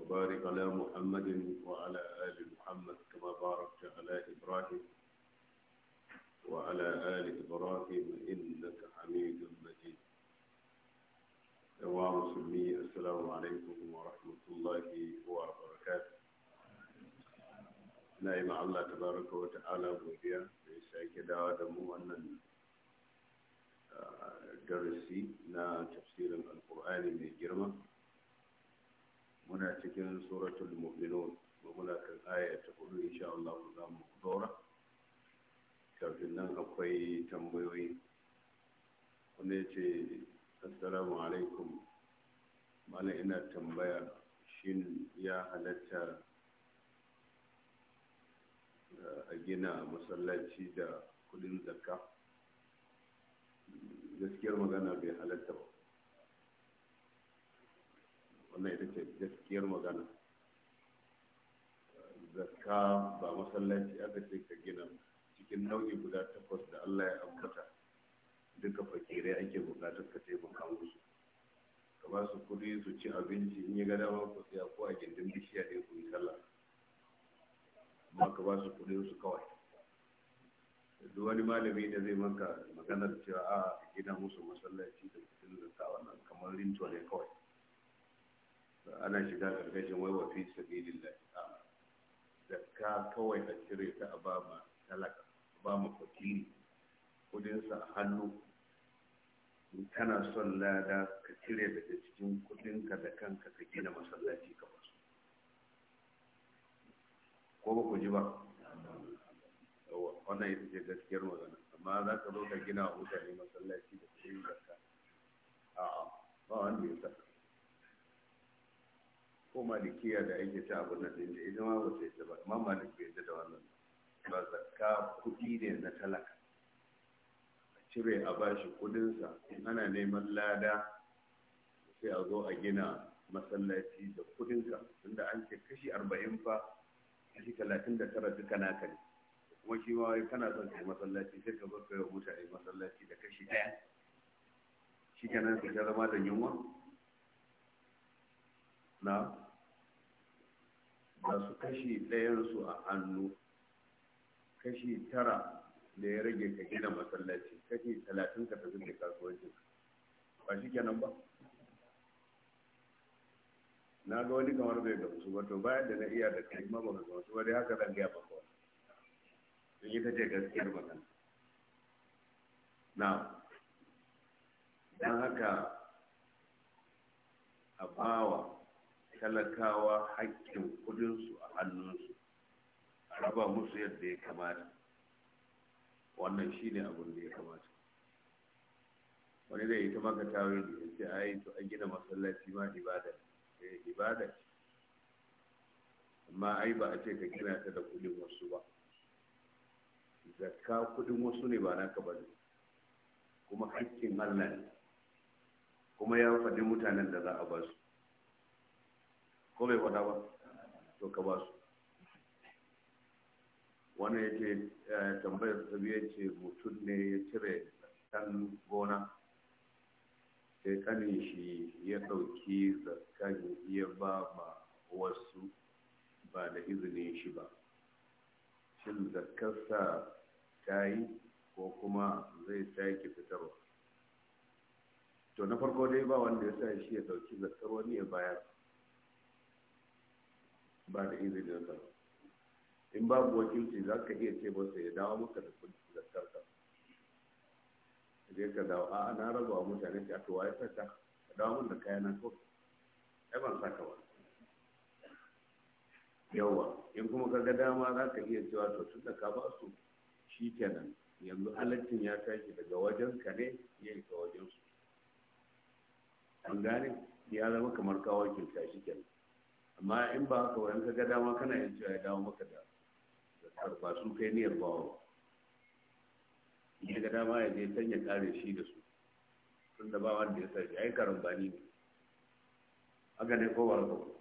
وبارك على محمد وعلى آل محمد كما باركت على إبراهيم وعلى آل إبراهيم إنك حميد مجيد يا مسلمي السلام عليكم ورحمة الله وبركاته نعم الله تبارك وتعالى بوديا ta'ala godiya da ya درسي dawa تفسير القرآن wannan جرمه muna cikin suratul mu'minun ba muna kan aya ta hudu insha Allah za mu dora kafin nan akwai tambayoyi wanda ya ce assalamu alaikum mana ina tambaya shin ya halatta eh, a gina masallaci da kudin zakka gaskiyar magana bai halatta ba wannan ita ce gaskiyar magana zakka ba masallaci aka ce ka gina cikin nau'i guda takwas da Allah ya ambata duka fakirai ake bukatar ka taimaka musu ka ba su kuɗi su ci abinci in ya ga dama ku tsaya ko a gindin bishiya ɗin ku yi sallah amma ka ba su kuɗi su kawai duk wani malami da zai maka maganar cewa a gina musu masallaci da kudin zakka wannan kamar rintuwa ne kawai ana shiga karkashin wai wa fi da ka kawai a cire ta a ba ma talaka ba ma fakiri kudinsa a hannu in kana son lada ka cire daga cikin kudinka da kanka ka gina masallaci ka basu ko ba ku ji ba wannan ita ce gaskiyar magana amma za ka zo ka gina mutane masallaci da kudin zakka a'a ba wanda ya saka ko malikiya da ake ta abin nan ɗin da ita ma ba ta ba amma malik bai da wannan ba zakka kuɗi ne na talaka a cire a bashi kuɗinsa in ana neman lada sai a zo a gina masallaci da kuɗinka tunda an ce kashi arba'in fa kashi talatin da tara duka naka ne kuma shi ma kana son kai masallaci sai ka bar kai mutane masallaci da kashi ɗaya shi kenan ka zama da yunwa na da su kashi ɗayansu a hannu kashi tara da ya rage ka gina masallaci kashi talatin ka tafi da kasuwancin ba shi kenan ba na ga wani kamar bai gamsu ba to bayan da na iya da kai ma ba gamsu ba dai haka zan gaya ba kawai sun yi ta ce gaskiyar magana na don haka a bawa talakawa hakkin kudinsu a hannunsu a raba musu yadda ya kamata wannan shi ne abin da ya kamata wani da ita maka tawil ya ce a yi to a gina masallaci ma ibada eh, ibada amma ai ba a ce ka gina ta da kudin wasu ba zakka kudin wasu ne ba naka ba kuma hakkin allah ne kuma ya faɗi mutanen da za a basu. ko bai faɗa ba to ka ba su wani ya ce eh, tambayar ta ce mutum ne ya cire ɗan gona sai kanin shi ya ɗauki zakan ya ba ma wasu ba da izinin shi ba shin zakarsa ta yi ko kuma zai sake fitarwa to na farko dai ba wanda ya sa shi ya ɗauki zakar wani ya bayar ba da izinin sa in babu wakilci za ka iya ce masa ya dawo maka da kudi zakar ka je ka dawo a na raba wa mutane ce a to waye ka dawo mun da kayan na kofi ai ban saka ba yawa in kuma ka ga dama za ka iya cewa to tun da ka ba su shi kenan yanzu halaccin ya tashi daga wajen ka ne ya isa wajen su an gane ya zama kamar kawo kinta shi kenan amma in ba haka wa ka ga dama kana yin cewa ya dawo maka da ba su kai niyyar ba in ga dama ya je can ya kare shi da su tun da ba wanda ya yi ai karambani ne haka ne ko warko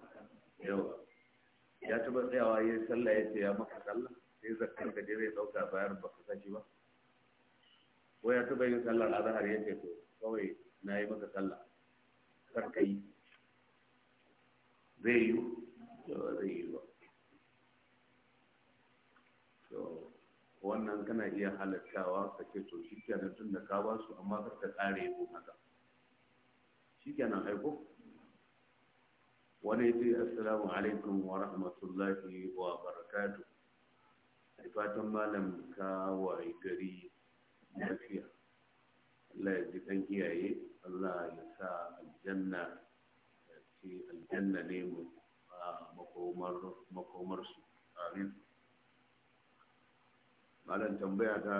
yawa ya ba tsayawa ya yi sallah ya ce ya maka sallah sai zakar ka je zai dauka bayar ba ka saki ba ko ya taba yin sallar azhar ya ce to kawai na yi maka sallah kar ka yi zai yi yawa wannan kana iya halattawa ka to shi kenan tun da ka ba su amma kar ka kare ko haka shi kenan aiko wani ya assalamu alaikum wa rahmatullahi wa barakatu ai fatan malam ka wa gari lafiya Allah ya ji kan iyaye Allah ya sa aljanna ce aljanna ne mu makomar su amin malam tambaya ta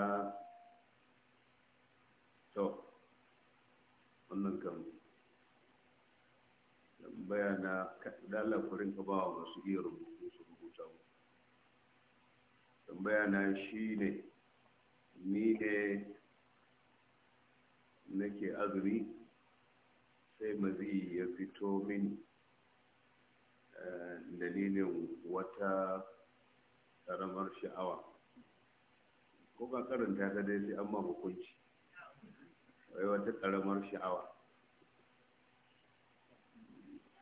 to wannan kan tambaya na dala kurin ka bawa masu iya rubutu su rubuta mu tambaya na shi ne ni ne nake azumi sai mazi ya fito min eh, dalilin wata karamar sha'awa ko ka karanta ta dai sai an hukunci wai wata karamar sha'awa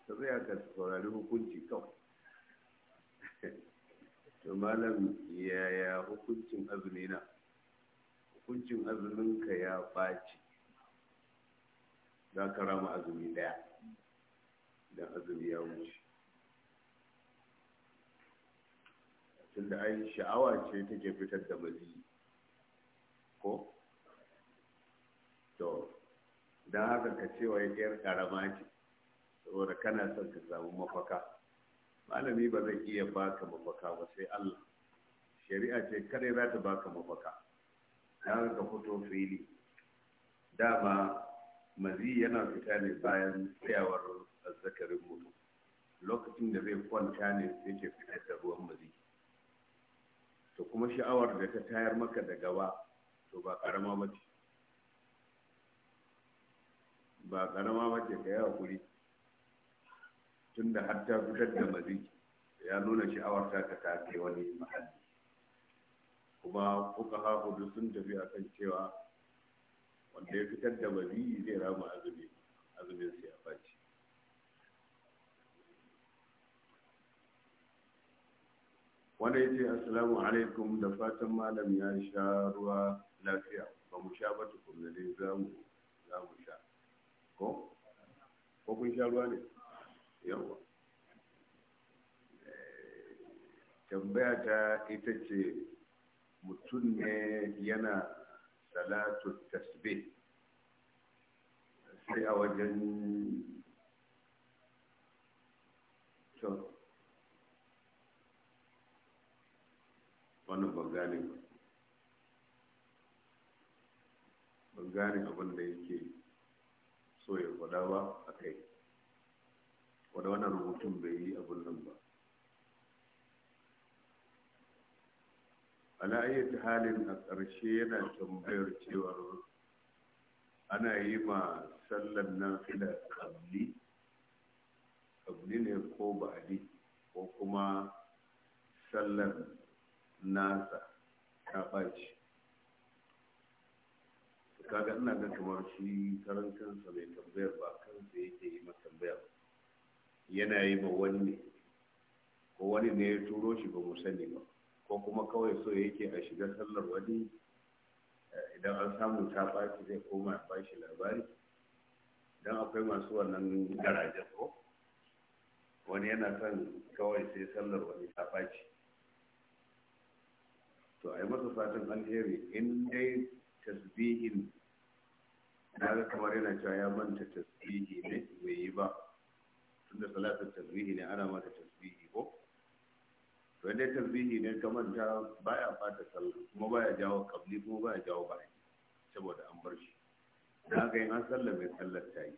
ta zai ka saurari hukunci kawai to malam yaya hukuncin azumi na hukuncin azumin ka ya ɓaci za ka rama azumi daya idan azumi ya wuce tunda ai sha'awa ce take fitar da mazi ko to don haka ka cewa yar karama ce saboda kana son ka samu mafaka malami ba zai iya baka mafaka ba sai Allah shari'a ce kadai za ta baka mafaka don haka ka fito fili dama mazi yana fita ne bayan tsayawar azzakarin mutum lokacin da zai kwanta ne sai ke fitar da ruwan mazi to kuma sha'awar da ta tayar maka da gaba to ba karama ba ba karama ba ka yi hakuri tun da har ta fitar da mazi ya nuna sha'awar ta ka ta kai wani mahalli kuma kuka hudu sun tafi akan cewa wanda ya fitar da mabiyi zai rama azumi azumin su ya faci wanda ya ce assalamu alaikum da fatan malam ya sha ruwa lafiya ba mu sha ba tukunna dai za za mu sha ko ko kun sha ruwa ne yawa eh, tambaya ta ita ce mutum ne yana salatu tasbih sai a wajen to wannan ban gane ban gane abin da yake so ya faɗa ba a kai wadda wannan rubutun bai yi abin nan ba ala ayyata halin a ƙarshe yana tambayar cewar ana yi ma sallan nan ila ƙabli ƙabli ne ko ba'adi ko kuma sallan nasa ta ɓaci kaga ina ga kamar shi karan kansa mai tambayar ba kansa yake yi masa tambayar yana yi ma wani ko wani ne ya turo shi ba mu sani ba ko kuma kawai so yake a shiga sallar wani idan an samu ta ɓaci zai koma ya bashi labari idan akwai masu wannan garajen ko wani yana son kawai sai sallar wani ta ɓaci to a yi masa fatan alheri in dai tasbihin na ga kamar yana cewa ya manta tasbihi ne bai yi ba tunda salatin tasbihi ne ana mata tasbihi ko wanda dai tasbihi ne ka manta baya fata sallah kuma baya jawo kabli kuma baya jawo bayan saboda an bar shi da haka yin an sallah mai sallar ta yi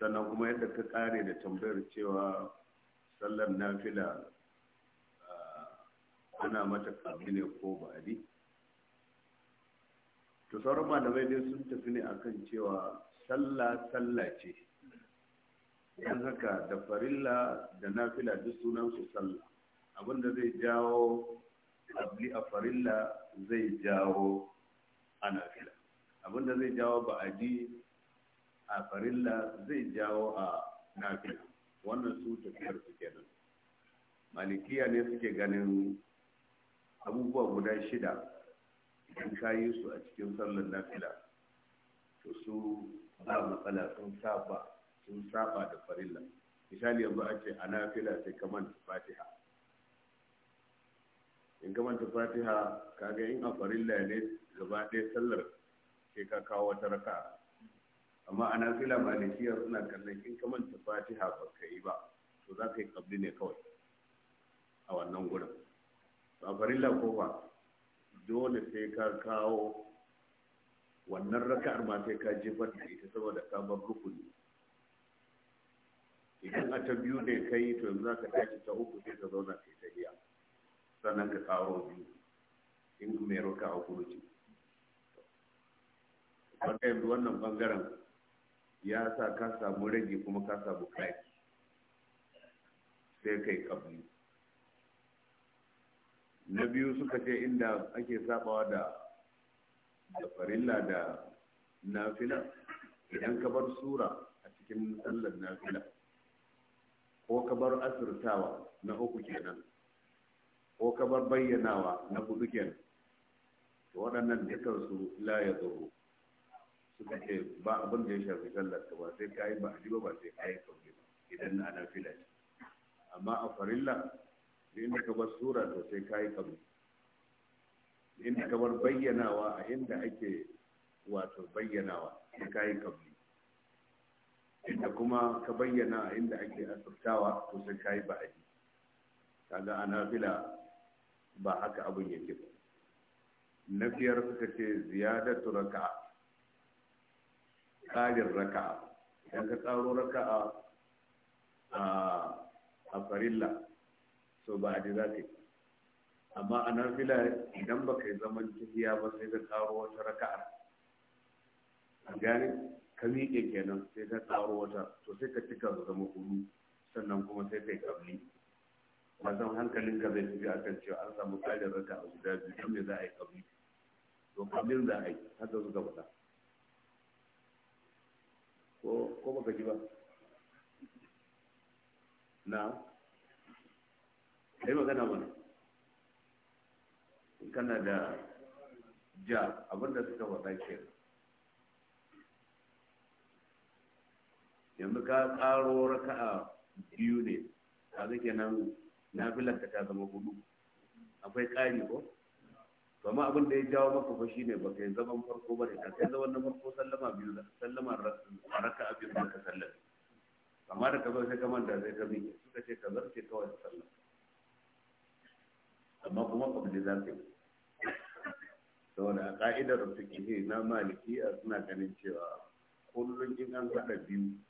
sannan kuma yadda ka kare da tambayar cewa sallar fila ah, ana mata kabli ne ko ba ba'adi to sauran malamai dai sun tafi ne akan cewa sallah sallah ce yan haka da farilla da nafila duk sunan su sallah abinda zai jawo abli a farilla zai jawo a nafila abinda zai jawo ba'adi a farilla zai jawo a nafila wannan su tafiyar su kenan malikiya ne suke ganin abubuwa guda shida idan ka yi su a cikin sallar nafila to su ba matsala sun saba da farilla misali yanzu a ce a nafila sai kamar fatiha in gabanta fatiha kaga in a farilla ne gaba ɗaya sallar sai ka kawo wata raka amma a nafila malikiya suna kallon in ka manta fatiha ba ka yi ba to za ka yi kabli ne kawai a wannan gurin a farilla ko ba dole sai ka kawo wannan raka'ar ma sai ka jefar da ita saboda ka bar rukuni idan a ta biyu ne kai to yanzu za ka tashi ta uku sai ka zauna kai ta iya sannan ka karo biyu in mai roka a kuruci haka yanzu wannan bangaren ya sa ka samu rage kuma ka samu kaki sai kai kabli na biyu suka ce inda ake sabawa da da farilla da nafila idan ka bar sura a cikin sallar nafila ko ka bar asirtawa na uku kenan ko kamar bayyanawa na hudu kenan to waɗannan dukansu la ya zuru suka ce ba abin da ya shafi sallar ka ba sai ka yi ba'adi ba ba sai ka yi kauri ba idan na ana fila amma a farilla inda ka bar sura to sai ka yi kauri inda ka bar bayyanawa a inda ake wato bayyanawa sai ka yi kauri inda kuma ka bayyana a inda ake asirtawa to sai ka yi ba'adi kaga ana fila ba haka abin yake ba na biyar suka ce ziyadatu raka'a tsarin raka'a idan ka tsaro raka'a a a farilla so ba a ji za ka yi amma a fila idan ba ka yi zaman tafiya ba sai ka tsaro wata raka'ar a gane ka miƙe kenan sai ka tsaro wata to sai ka cika zama hudu sannan kuma sai ka yi kabli mazan ka zai tafi a kan cewa an samu tsarin raka a guda biyu don me za a yi kabi to kablin za a yi haka suka faɗa ko ko baka ji ba na kai magana mana kana da ja abinda suka faɗa ke yanzu ka ƙaro raka'a biyu ne a zake nan nafilar ka ta zama hudu akwai ƙari ko kuma abin da ya jawo maka ko shine ba kai zaman farko ba ne ka kai zaman na farko sallama biyu da sallama raka abin da ka sallama amma da ka zo sai kamar da zai ka suka ce ka zarce kawai ka sallama amma kuma kabili za ka yi saboda a ka'idar fikihi na maliki a suna ganin cewa kullum in an haɗa biyu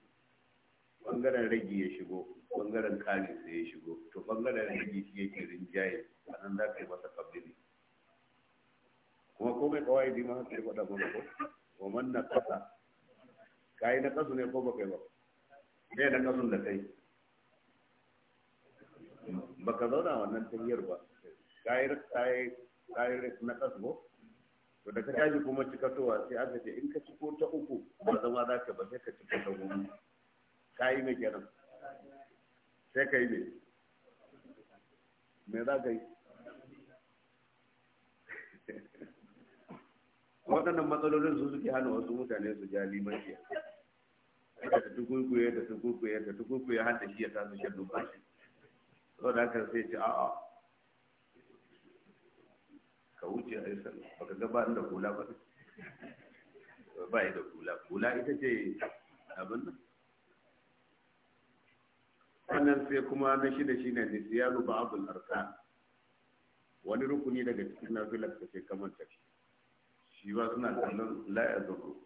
bangaren ragi ya shigo bangaren kari sai ya shigo to bangaren ragi shi yake rinjaye a nan za ka yi masa kabili kuma ko mai kawai di ma haka ya faɗa ba ko ko man na kasa kai na kasu ne ko ba kai ba ne na kasun da kai baka zauna wannan tafiyar ba kai yi na kasu ko to da ka tashi kuma cikatowa sai aka ce in ka ciko ta uku ba zama za ka ba sai ka ciko ta goma ka yi mai kenan sai ka yi mai me za ka yi waɗannan matsalolin su suke hana wasu mutane su ja limanci da ta tukukuye da tukukuye da tukukuye har da shi ya tasu shan numfashi da haka sai ce a'a ka wuce a isan baka gaba da hula ba ba da hula hula ita ce abin nan sannan sai kuma na shida shi ne nisiyanu ba abu larka wani rukuni daga cikin nafilar da ke kamar tafi shi ba suna kallon la'a zuru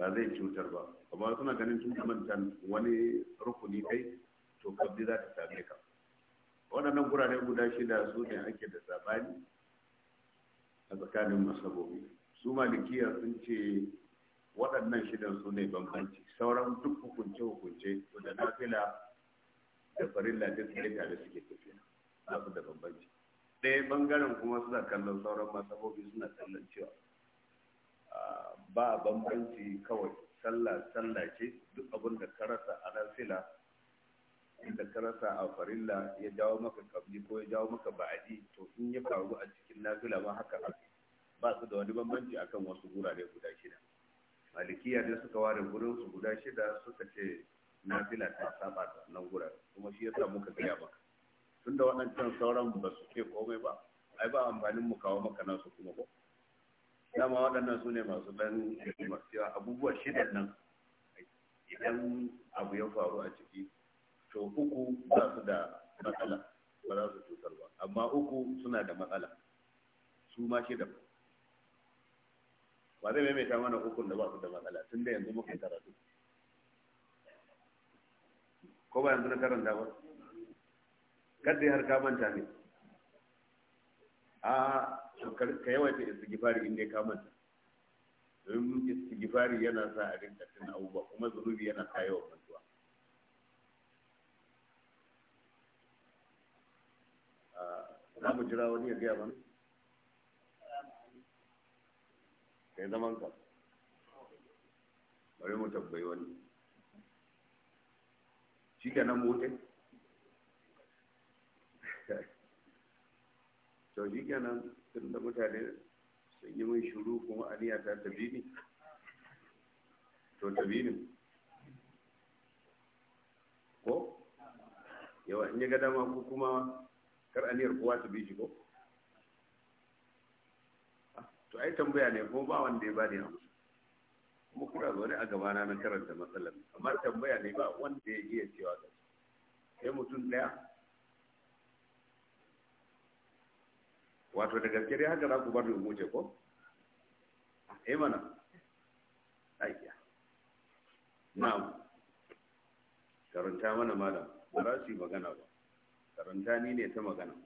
ba zai cutar ba amma suna ganin sun kamanta wani rukuni kai to kabdi za ta same ka waɗannan gurare guda shida su ne ake da sabani a tsakanin masabobi su malikiya sun ce waɗannan shidan su ne bambanci sauran duk hukunce hukunce da nafila da farilla duk ne tare suke tafiya na su da bambanci ɗaya bangaren kuma suna kallon sauran masabobi suna kallon cewa ba bambanci kawai sallah sallah ce duk abin da ka rasa a nafila inda ka rasa a farilla ya jawo maka kabli ko ya jawo maka ba'adi to in ya faru a cikin nafila ma haka ba su da wani bambanci akan wasu gurare guda shida malikiya dai suka ware gurin su guda shida suka ce fila ta saba da nan gurin kuma shi yasa muka gaya maka tunda waɗancan sauran ba su ke komai ba ai ba amfanin mu kawo maka nasu kuma ba dama waɗannan su ne masu ɗan cewa abubuwa shidan nan idan abu ya faru a ciki to uku ba su da matsala ba za su cutar ba amma uku suna da matsala su ma shidan ba zai maimaita mana hukun da ba su da matsala tun da yanzu muka karatu ko ba yanzu na karanta ba kada har ka manta ne ah, a ka yawaita istighfari in dai ka manta domin istighfari yana sa a rinka tun abubuwa kuma zunubi yana sa yawan mantuwa ah, za mu jira wani ya gaya mana kai zaman ka bari mu tabbai wani shi ke nan bude to shi ke nan tun da mutane sun yi mun shuru kuma aniya ta tabini to tabinin ko yawa in ya ga dama ko kuma kar aniyar kowa ta bi shi ko to ai tambaya ne ko ba wanda ya bani amsa kuma kuna zaune a gabana na karanta matsalar amma tambaya ne ba wanda ya iya cewa ga sai mutum ɗaya wato da gaske dai haka za ku bar rubu wuce ko eh mana aiki na'am karanta mana malam ba za su yi magana ba karanta ni ne ta magana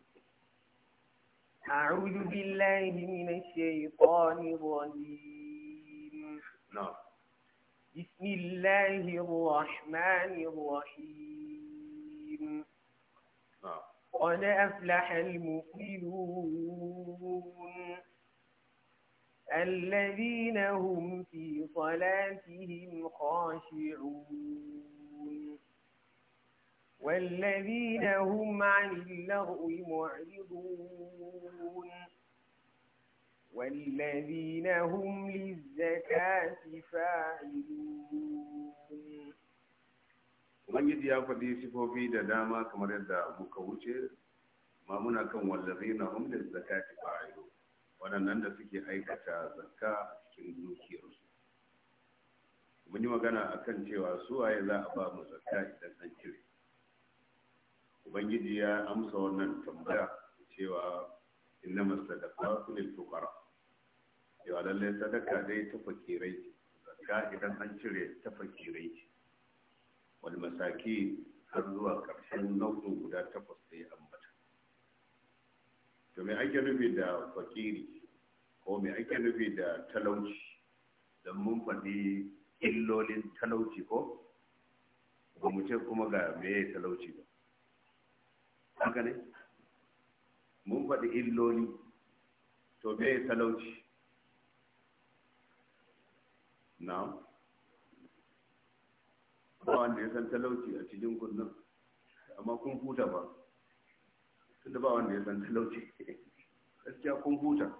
أعوذ بالله من الشيطان الرجيم نعم بسم الله الرحمن الرحيم نعم قد أفلح المؤمنون الذين هم في صلاتهم خاشعون والذين هم عن اللغو معرضون والذين هم للزكاة فاعلون Ubangiji ya faɗi sifofi da dama kamar yadda muka wuce ma kan wallazi na humda da suke aikata zakka a cikin dukiyarsu mun yi magana akan cewa su waye za a ba mu zakka idan an cire ubangiji ya amsa wannan tambaya cewa inna masadaqatu lil fuqara cewa lalle sadaka dai ta fakirai zakka idan an cire ta fakirai wal masaki har zuwa karshen nau'in guda takwas da ya ambata to me ake nufi da fakiri ko me ake nufi da talauci don mun faɗi illolin talauci ko ba mu ce kuma ga me talauci ba haka ne mun faɗi illoli to be talauci na ba wanda ya san talauci a cikin kunnan amma kun huta ba tunda ba wanda ya san talauci gaskiya kun huta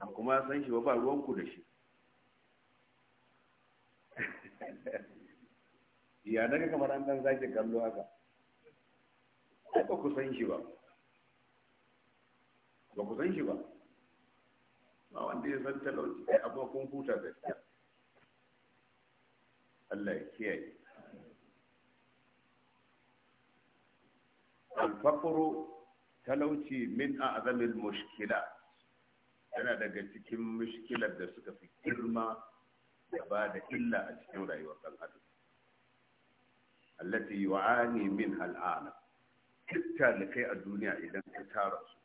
a kuma ya san shi ba ba ruwanku da shi ya daga kamar an ɗan zaki kallo haka ai ba ku san shi ba ba ku san shi ba ba wanda ya san talauci ai abuwa kun huta gaskiya Allah ya kiyaye alfaqru talauci min a'zamil mushkila yana daga cikin mushkilar da suka fi girma da ba da illa a cikin rayuwar ɗan adam allati yu'ani min al'ana kitta da kai a duniya idan ka tara su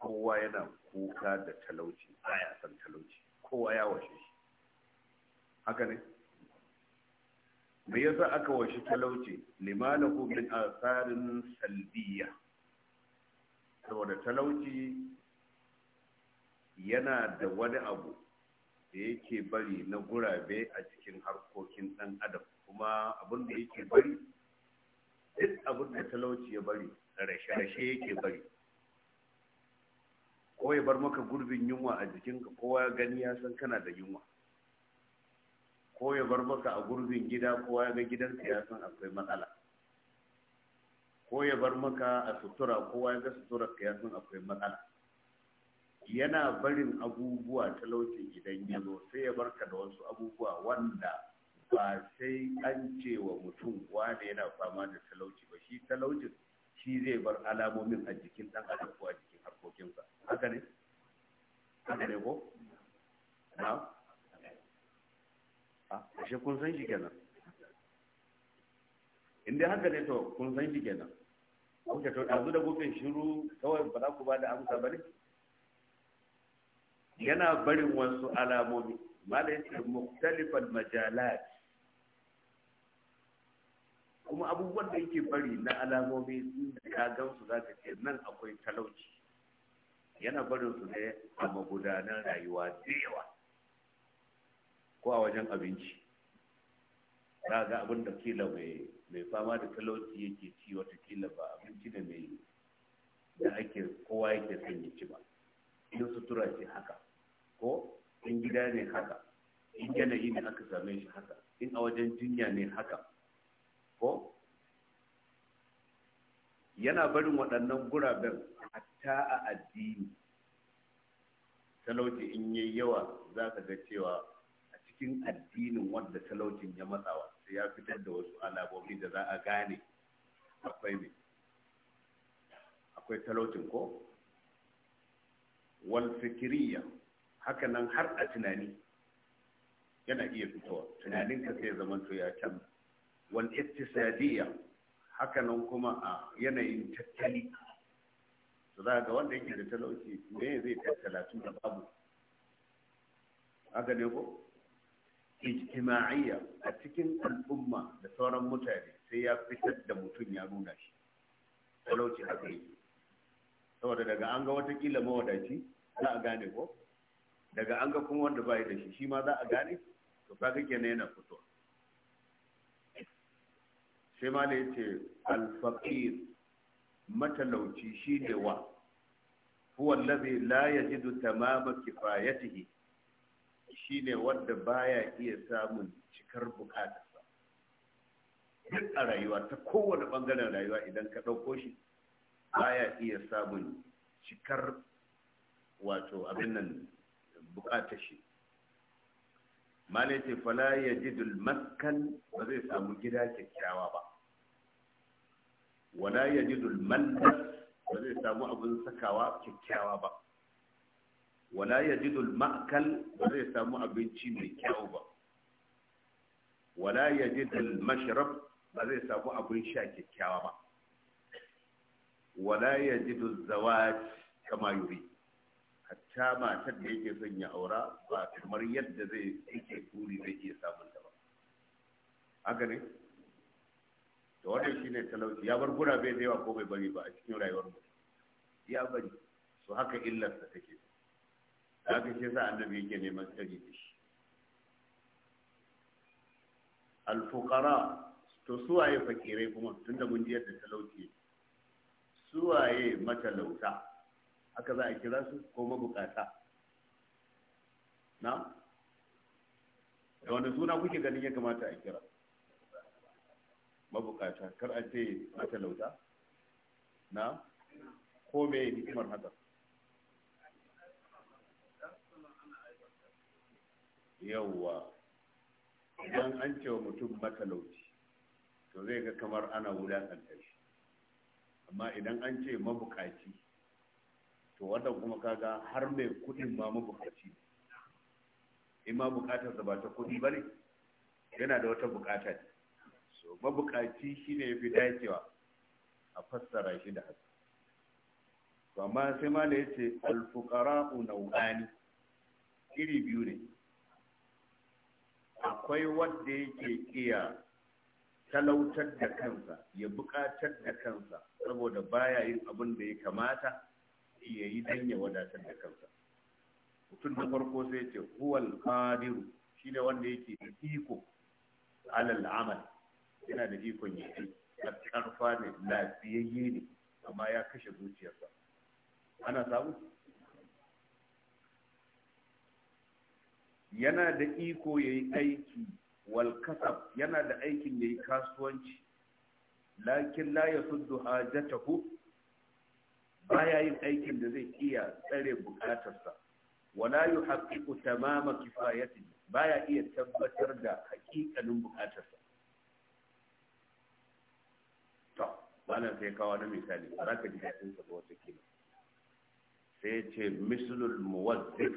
kowa yana kuka da talauci baya san talauci kowa ya washe shi haka ne me yasa aka washe talauci limalahu min asarin salbiya saboda talauci yana da wani abu da yake bari na gurabe a cikin harkokin dan adam kuma abin da yake bari duk abin da talauci ya bari rashe-rashe yake bari ko ya bar maka gurbin yunwa a jikinka kowa ya gani ya san kana da yunwa ko ya bar maka a gurbin gida kowa ya ga gidanka ya san akwai matsala ko ya bar maka a sutura kowa ya ga ka ya san akwai matsala yana barin abubuwa talauci idan ya zo sai ya barka da wasu abubuwa wanda ba sai an ce wa mutum wanda yana fama da talauci ba shi talauci shi zai bar alamomin a jikin dan adam ko a jikin harkokinsa haka ne haka ne ko na a ah, kashe kun san shi kenan inda haka ne to kun san shi kenan kuka to yanzu da kuka shiru kawai ba za ku ba da amsa ba ne yana barin wasu alamomi malayin yace muktalifal majalat kuma abubuwan da yake bari na alamomi da ka gansu za ka ce nan akwai talauci yana barin su ne a magudanar rayuwa da yawa ko a wajen abinci za ga abin da kila mai fama da talauci yake ci wata watakila ba abinci da mai da ake kowa yake son ya ci ba in sutura ce haka ko in gida ne haka in yanayi ne aka same shi haka in a wajen jinya ne haka ko yana barin waɗannan guraben hatta a addini talauci in yi yawa za ka ga cewa a cikin addinin wanda talaucin ya matsawa sai ya fitar da wasu alamomi da za a gane akwai ne akwai talaucin ko wal fikiriya haka nan har a tunani yana iya fitowa tunaninka sai zaman ya canza wal iktisadiyya hakanan kuma a yanayin tattali to za ga wanda yake da talauci me zai tattala tun da babu haka ne ko ijtima'iyya a cikin al'umma da sauran mutane sai ya fitar da mutum ya nuna shi talauci haka yi saboda daga an ga watakila mawadaci za a gane ko daga an ga kuma wanda bai da shi shi ma za a gane to kaga kenan yana fitowa sai ma da ya ce alfaqir matalauci shi ne wa huwa allazi la yajidu tamama kifayatihi shi ne wanda baya iya samun cikar bukatarsa duk a rayuwa ta kowane bangaren rayuwa idan ka ɗauko shi baya iya samun cikar wato abin nan bukatar shi malaiti fala ya ji dulmaskan ba zai samu gida kyakkyawa ba wala yajidu al-mandas ba zai samu abin sakawa kyakkyawa ba wala yajidu al-ma'kal ba zai samu abinci mai kyau ba wala yajidu al-mashrab ba zai samu abin sha kyakkyawa ba wala yajidu az-zawaj kama yuri hatta matar da yake son ya aura ba kamar yadda zai yake buri zai iya samun ta ba haka ne da wannan shine talauci ya bar gurabe da yawa ko bai bari ba a cikin rayuwar mu ya bari su haka illar sa take da haka shi yasa annabi yake neman tsari da shi fuqara to suwaye fakirai kuma tunda mun ji yadda talauci suwaye matalauta haka za a kira su ko mabukata na da wanda suna kuke ganin ya kamata a kira mabukata kar a ce matalauta na ko me hikimar haka yawwa idan an cewa mutum matalauci to zai ga kamar ana wulakanta shi amma idan an ce mabukaci to wannan kuma kaga har mai kudin ma mabukaci in ma bukatarsa ba ta kudi ba ne yana da wata bukata ne to mabukaci shine yafi dacewa a fassara shi da haka to amma sai ma da yace al na nawani iri biyu ne akwai wanda yake iya talautar da kansa ya buƙatar da kansa saboda baya yin abin da ya kamata ya yi dan ya wadatar da kansa mutum da farko sai ce huwal qadiru shine wanda yake iko alal amal yana da ikon ya yi karfa ne lafiyayye ne amma ya kashe zuciyarsa ana samu yana da iko ya yi aiki wal kasab yana da aikin ya yi kasuwanci lakin la ya suddu Ba ya yin aikin da zai iya tsare bukatarsa wala haƙiƙu tamama Ba ya iya tabbatar da haƙiƙanin bukatarsa ba na sai kawo na misali za ka ji daɗin sa ko wata kila sai ce mislul muwazzif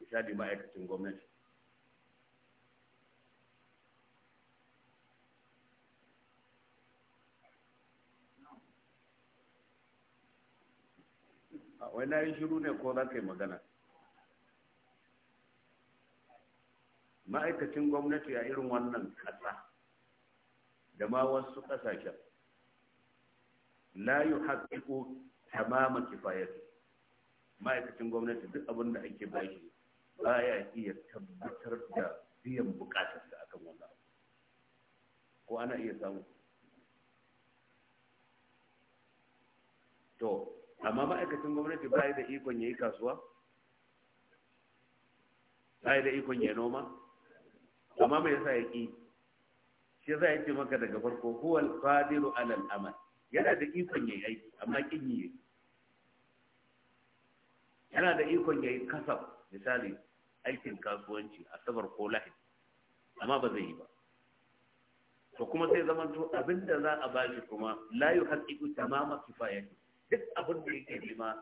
misali ma'aikacin gwamnati wai na yi shiru ne ko za ka yi magana ma'aikacin gwamnati a irin wannan ƙasa da ma wasu ƙasashen la yuhaqqiqu tamama kifayati ma'aikacin gwamnati duk abin da ake bashi baya iya tabbatar da biyan da akan wannan ko ana iya samu to amma ma'aikacin gwamnati baya da ikon yayi kasuwa baya da ikon ne noma amma me yasa ya ki shi za ya ce maka daga farko huwal qadiru alal amal yana da ikon ya yi aiki amma kin yi yana da ikon ya yi kasaf misali aikin kasuwanci asabar ko lahadi amma ba zai yi ba to kuma sai zaman to abinda za a bashi kuma la yuhaqqiqu tamama ne duk abin da yake nema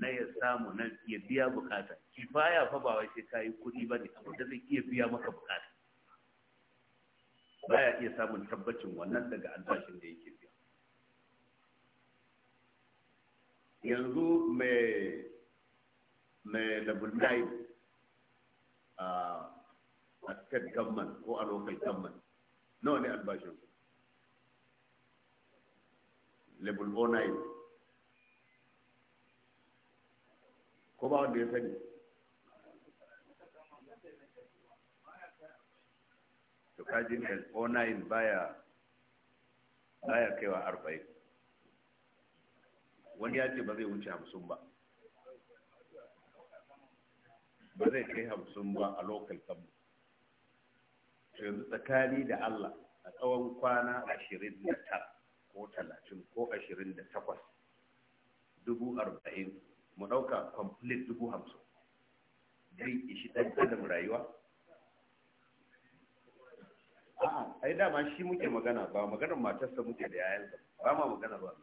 na ya samu na ya biya bukata kifaya fa ba wai sai yi kuɗi ba ne abin da zai iya biya maka bukata baya iya samun tabbacin wannan daga albashin da yake biya yanzu mai mai labundai a state government ko a local government nawa ne albashin level 09 ko ba wanda ya sani to kajin 09 baya baya kaiwa arba'in wani ya ce ba zai wuce hamsin ba ba zai kai hamsin ba a lokal kamu yanzu tsakani da allah a tsawon kwana ashirin da tara ko talatin ko ashirin da takwas dubu arba'in mu ɗauka complete dubu hamsin zai ishi ɗan adam rayuwa a'a ai dama shi muke magana ba maganar matarsa muke da yayansa ba ma magana ba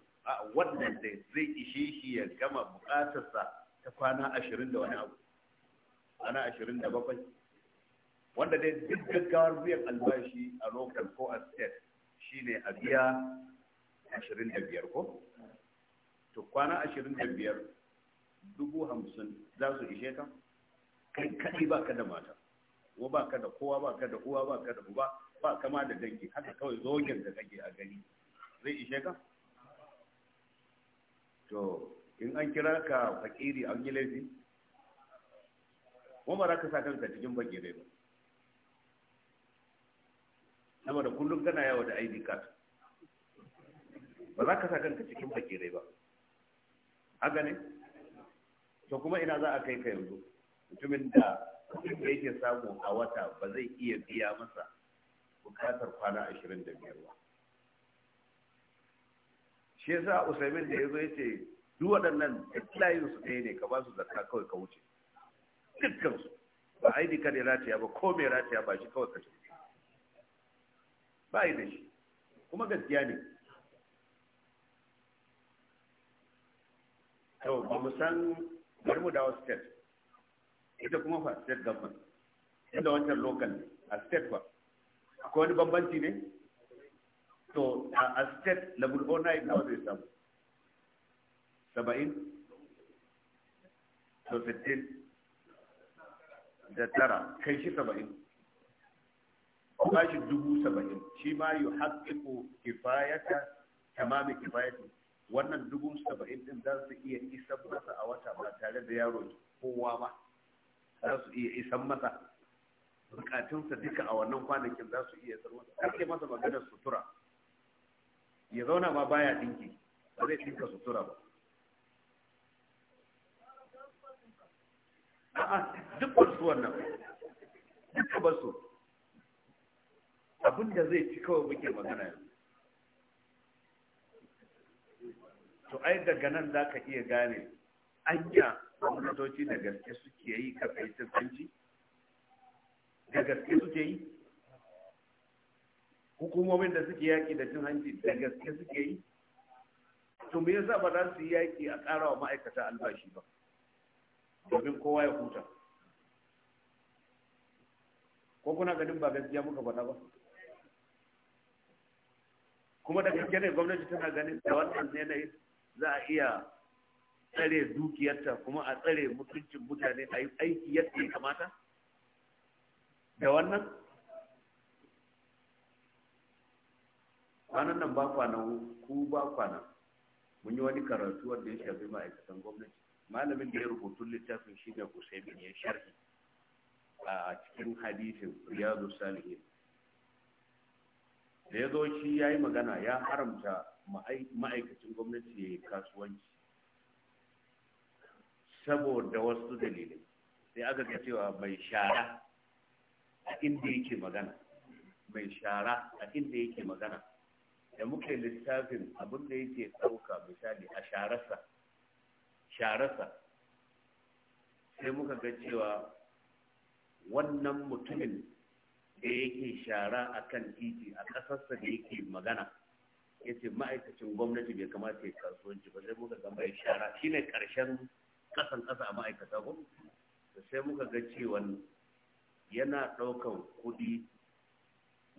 wannan da zai ishe shi ya gama bukatarsa ta kwana ashirin da wani abu ana ashirin da bakwai wanda dai duk gaggawar biyan albashi a local ko a state shi ne a biya ashirin da biyar ko to kwana ashirin da biyar dubu hamsin za su ishe ka kai kaɗai ba ka da mata ko ba ka da kowa ba ka da uwa ba ka da uba ba kama da dangi haka kawai zogin da kake a gani zai ishe ka to in an kira ka fakiri an yi laifi kuma ba za ka sa kanka cikin bakirai ba da kullum kana yawa da ID card ba za ka sa kanka cikin fakirai ba haka ne to kuma ina za a kai ka yanzu mutumin da da yake samu a wata ba zai iya biya masa bukatar kwana ashirin da biyar ba shi sa usaimin da ya zo ya ce duk waɗannan duk layin su ɗaya ne ka ba su zarta kawai ka wuce ba a yi aidi kan ratiya ba ko mai ratiya ba shi kawai ka shi ba yi da shi kuma gaskiya ne to ba mu san garmu da wasu state ita kuma fa state government inda wancan local ne a state ba akwai wani bambanci ne to a state level 09 nawa zai samu saba'in to sittin da tara kai shi saba'in ba shi dubu saba'in shi ma yi haƙiƙo kifayata tamamin kifayata wannan dubu saba'in din za su iya isan masa a wata ba tare da yaro kowa ba za su iya isan masa bukatunsa duka a wannan kwanakin za su iya sarwata ake masa maganar sutura ya zauna ma baya dinki ba zai dinka sutura ba a'a duk su wannan duk ba su abin da zai ci kawai muke magana yanzu to ai daga nan za ka iya gane anya gwamnatoci da gaske suke yi kafa yi tafanci da gaske suke yi hukumomin da suke yaƙi da cin hanci da gaske suke yi to me yasa ba za su yi yaƙi a ƙara wa ma'aikata albashi ba domin kowa ya huta ko kuna ganin ba gaskiya muka faɗa ba kuma da gaske ne gwamnati tana ganin da wannan yanayin za a iya tsare dukiyarta kuma a tsare mutuncin mutane a yi aiki yadda ya kamata da wannan kwanan nan ba kwana ku ba kwana mun yi wani karatu wanda ya shafi ma'aikatan gwamnati malamin da ya rubutun littafin shi ne Usaimin ya sharhi a cikin hadisin Riyadu Salihin da ya zo shi ya yi magana ya haramta ma'aikacin gwamnati ya yi kasuwanci saboda wasu dalilai sai aka ga cewa mai shara a inda yake magana mai shara a inda yake magana da muke littafin abin da yake ɗauka misali a sharasa sharasa sai muka ga cewa wannan mutumin da yake shara a kan titi a ƙasarsa da yake magana ya ce ma'aikacin gwamnati bai kamata ya kasuwanci ba sai muka zama ya shara shi ne ƙarshen ƙasan ƙasa a ma'aikata ko sai muka ga cewa yana ɗaukan kuɗi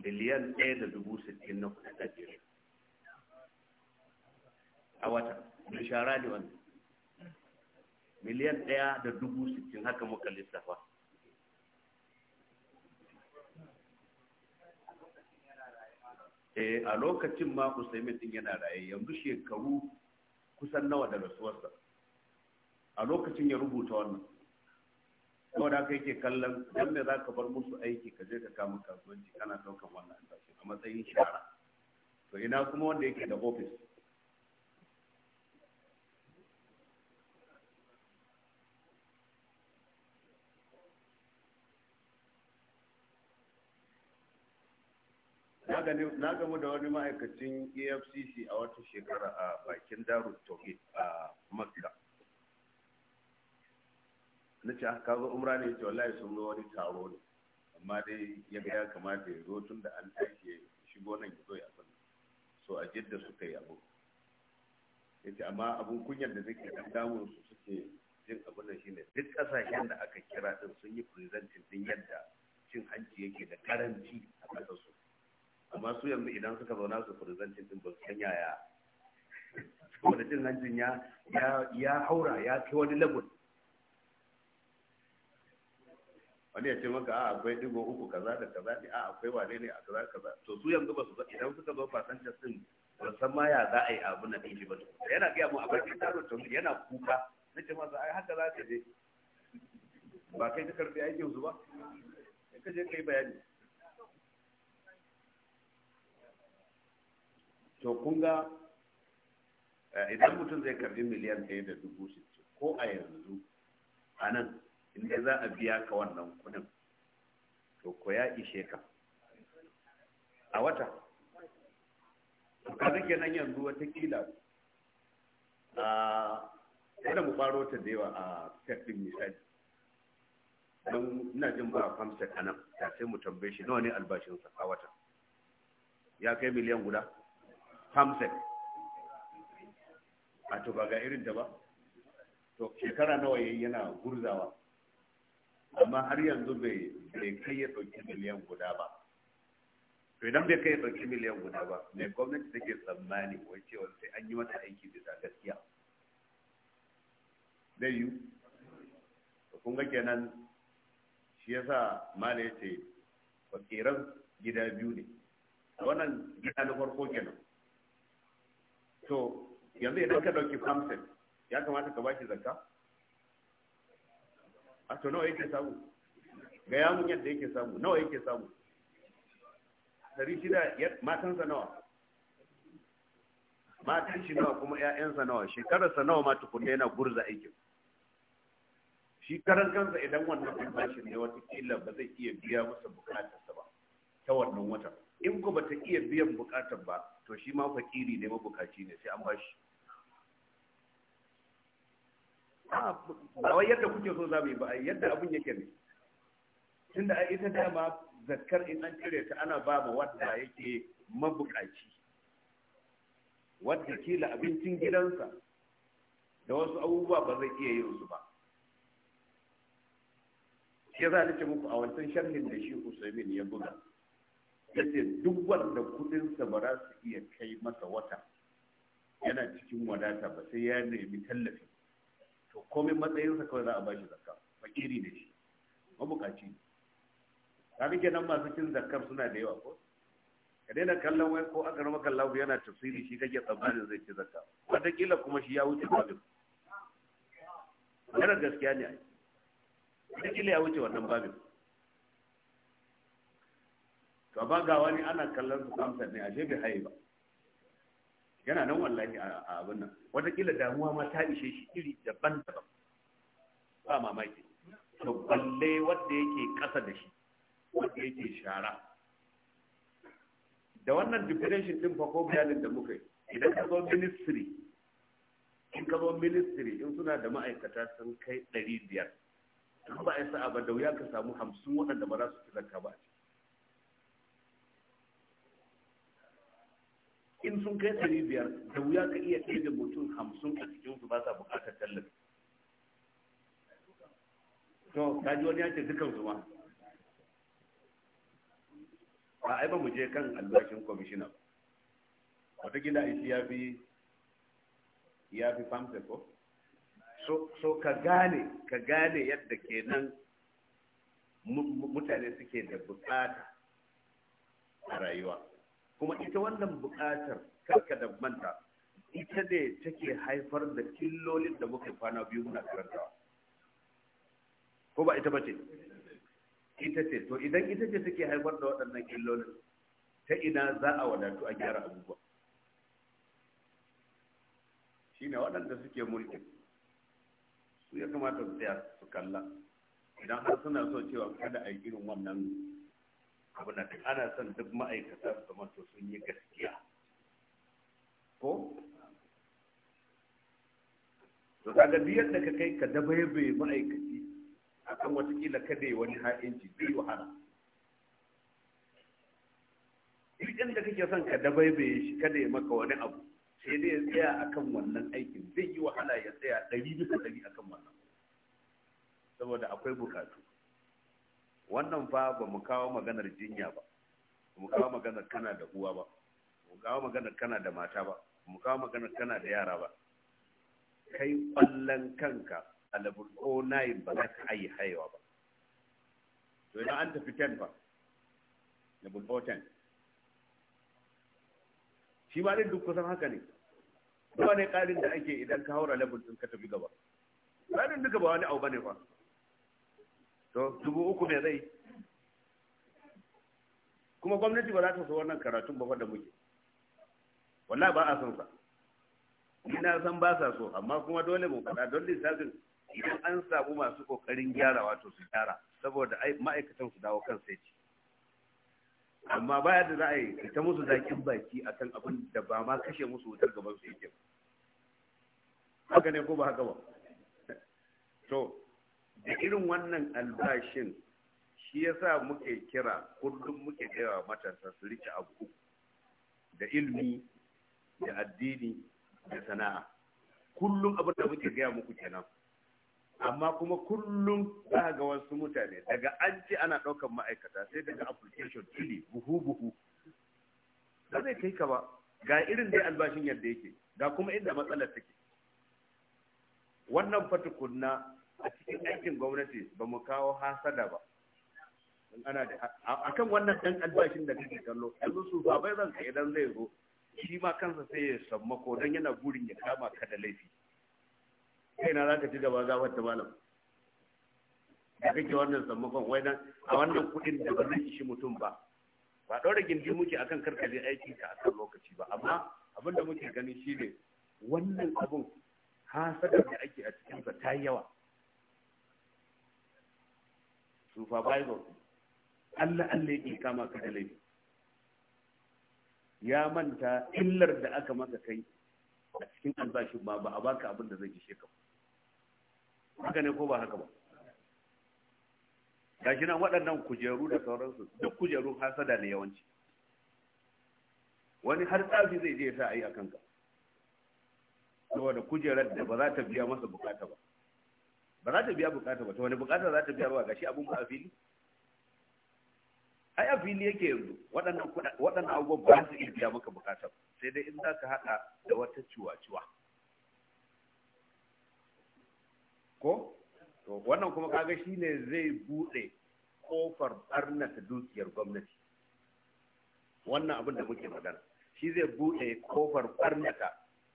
miliyan ɗaya da dubu sittin na kuɗin Najeriya. a wata da shara ne wannan miliyan ɗaya da dubu sittin haka muka lissafa eh, a lokacin ma usaimin din yana raye yanzu shekaru kusan nawa da rasuwarsa a lokacin ya rubuta wannan kawai da aka yake kallon don mai za ka bar musu aiki ka je ka kama kasuwanci kana ɗaukan wannan a matsayin shara to ina kuma wanda yake da ofis na gamu da wani ma'aikacin afcc e a wata shekara a bakin darus toge a makka na ce ah, ka zo umra ne ce wallahi sun zo wani taro ne amma dai ya ga ya kamata ya zo tun da an tashi shigo nan ya zo ya abin so a jidda suka yi abu ya ce amma abun kunyar da nake dan damun su suke jin abin shi shine duk kasashen da aka kira din sun yi presenting din yadda cin hanci yake da karanci a kasar su amma su yanzu idan suka zauna su firizancin din ba su san yaya da cin hancin ya ya haura ya kai wani labun wani ya ce maka a akwai digo uku kaza da kaza ne a akwai wane ne a kaza kaza to su yanzu ba su idan suka zo fasantas din ba san ma ya za a yi abu na dinki ba yana gaya mu a bakin taro to yana kuka na ce masa ai haka za ka je ba kai ta karbi aikin su ba ka je kai bayani to kun ga eh, idan mutum zai karbi miliyan ɗaya da dubu sittin ko a yanzu a nan inda za a biya ka wannan kuɗin to ko ya ishe ka a wata kaga kenan yanzu watakila a kada mu faro ta da yawa a fiyar misali don ina jin ba famsa a nan sai mu tambaye shi nawa ne albashinsa a wata ya kai miliyan guda hamsin a to ba ga irin ta ba to shekara nawa yayi yana gurzawa amma har yanzu bai kai ya ɗauki miliyan guda ba to idan bai kai ya ɗauki miliyan guda ba mai gwamnati take tsammani wai cewa sai an yi mata aiki bisa gaskiya zai yi kun ga kenan shi yasa mala ya ce fakiran gida biyu ne wannan gida na farko kenan to yanzu idan ka dauki famsin ya kamata ka bashi zakka a to nawa yake samu ga yamun yadda yake samu nawa yake samu dari shida matansa nawa matan shi nawa kuma ƴaƴansa nawa shekararsa nawa ma tukunna yana gurza aikin shi karan kansa idan wannan bashin ne kila ba zai iya biya masa bukatarsa ba ta wannan wata. in ko bata iya biyan bukatar ba to shi ma fakiri ne mabukaci ne sai an bashi ba wai yadda kuke so za mu yi ba yadda abin yake ne tunda ita dama zakkar in an cire ta ana ba mu wanda yake mabukaci wadda kila abincin gidansa da wasu abubuwa ba zai iya yin su ba ke za a nace muku a wancan sharhin da shi usaimin ya buga yace duk wanda kudinsa ba za su iya kai masa wata yana cikin wadata ba sai ya nemi tallafi to komai matsayinsa kawai za a bashi zakka fakiri ne shi mabukaci kaga kenan masu cin zakkar suna da yawa ko ka daina kallon wai ko aka rama kallon yana tafsiri shi kake tsammanin zai ci zakka wataƙila kuma shi ya wuce babin yana gaskiya ne wataƙila ya wuce wannan babin to ba ga wani ana kallon su samsar ne ashe bai haye ba yana nan wallahi a abin nan watakila damuwa ma ta ishe shi iri daban-daban ba mamaki to balle wanda yake kasa da shi wanda yake shara da wannan definition din fa ko bayanin da muka yi idan ka zo ministry in ka zo ministry in suna da ma'aikata sun kai 500 in ba a yi sa'a ba da wuya ka samu 50 waɗanda ba za su fi zakka ba a ciki in sun kai ɗari biyar da wuya ka iya ɗaya da mutum hamsin a cikinsu ba sa buƙatar tallafi to ka ji wani ya ce dukan zuma. ba a'iba ba mu je kan albashin kwamishina Wata gina a ya fi ya fi famsa ko so ka gane ka gane yadda kenan mutane suke da buƙata a rayuwa kuma ita wannan buƙatar karka da manta ita ne take haifar da killolin da muka kwana biyu muna karantawa ko ba ita ba ce ita ce to idan ita ce take haifar da waɗannan killolin ta ina za a wadatu a gyara abubuwa shi ne waɗanda suke mulkin su ya kamata su tsaya su kalla idan har suna so cewa kada a yi irin wannan abin da ana son duk ma'aikata su zama to sun yi gaskiya ko to kaga duk yadda ka kai ka dabaibe ma'aikaci akan watakila kada yi wani ha'inci bai wahala duk inda kake son ka dabaibe shi kada ya maka wani abu sai dai ya tsaya akan wannan aikin zai yi wahala ya tsaya ɗari bisa ɗari akan wannan saboda akwai bukatu wannan fa ba mu kawo maganar jinya ba mu kawo maganar kana da uwa ba mu kawo maganar kana da mata ba mu kawo maganar kana da yara ba kai kwallon kanka a level 09 ba za ka ayi haiwa ba to idan an tafi 10 ba? level 410 shi ma ne duk kusan haka ne ba ne ƙarin da ake idan ka haura level din ka tafi gaba Ƙarin duka ba wani abu ne ba. to dubu uku ne zai kuma gwamnati ba za ta so wannan karatun ba da muke wallahi ba a san sa ina san ba sa so amma kuma dole mu kada don lissafin idan an samu masu kokarin gyara wato su gyara saboda ma'aikatan su dawo kan sai ci amma baya da za a yi ita musu zakin baki akan abin da ba ma kashe musu wutar gaban su yake haka ne ko ba haka ba to da irin wannan albashin shi yasa muke kira kullum muke kira matasa su rike abu da ilmi da addini da sana'a kullum abin da muke gaya muku kenan amma kuma kullum za ga wasu mutane daga an ce ana ɗaukar ma'aikata sai daga application tuli buhu buhu ba zai kai ka ba ga irin dai albashin yadda yake ga kuma inda matsalar take wannan na a cikin aikin gwamnati ba mu kawo hasada ba ana da akan wannan dan albashin da kake kallo yanzu su ba bai kai idan zai zo shi ma kansa sai ya sammako don yana burin ya kama ka da laifi kai na zaka ci gaba ga wata malam da kake wannan sammakon wai nan a wannan kudin da ba zai mutum ba ba ɗaure gindi muke akan karkaje aiki ka a kan lokaci ba amma abin da muke gani shine wannan abun hasadar da ake a cikinsa ta yawa supervisor Allah Allah yake kama ka da laifi ya manta illar da aka maka kai a cikin albashin ba, ba a baka abin da zai ishe shekaru. haka ne ko ba haka ba gashi nan waɗannan kujeru da sauransu duk kujeru hasada ne yawanci wani har tsafi zai je ya sa a yi a kanka saboda kujerar da ba za ta biya masa bukata ba ba za ta biya bukata ba ta wani bukata za ta biya ba gashi abun ba a fili ai a fili yake yanzu waɗannan waɗannan abubuwan ba su iya biya maka bukata sai dai in za ka haɗa da wata ciwa-ciwa ko to wannan kuma kaga shine zai buɗe kofar barnata dukiyar gwamnati wannan abin da muke magana shi zai buɗe kofar barnata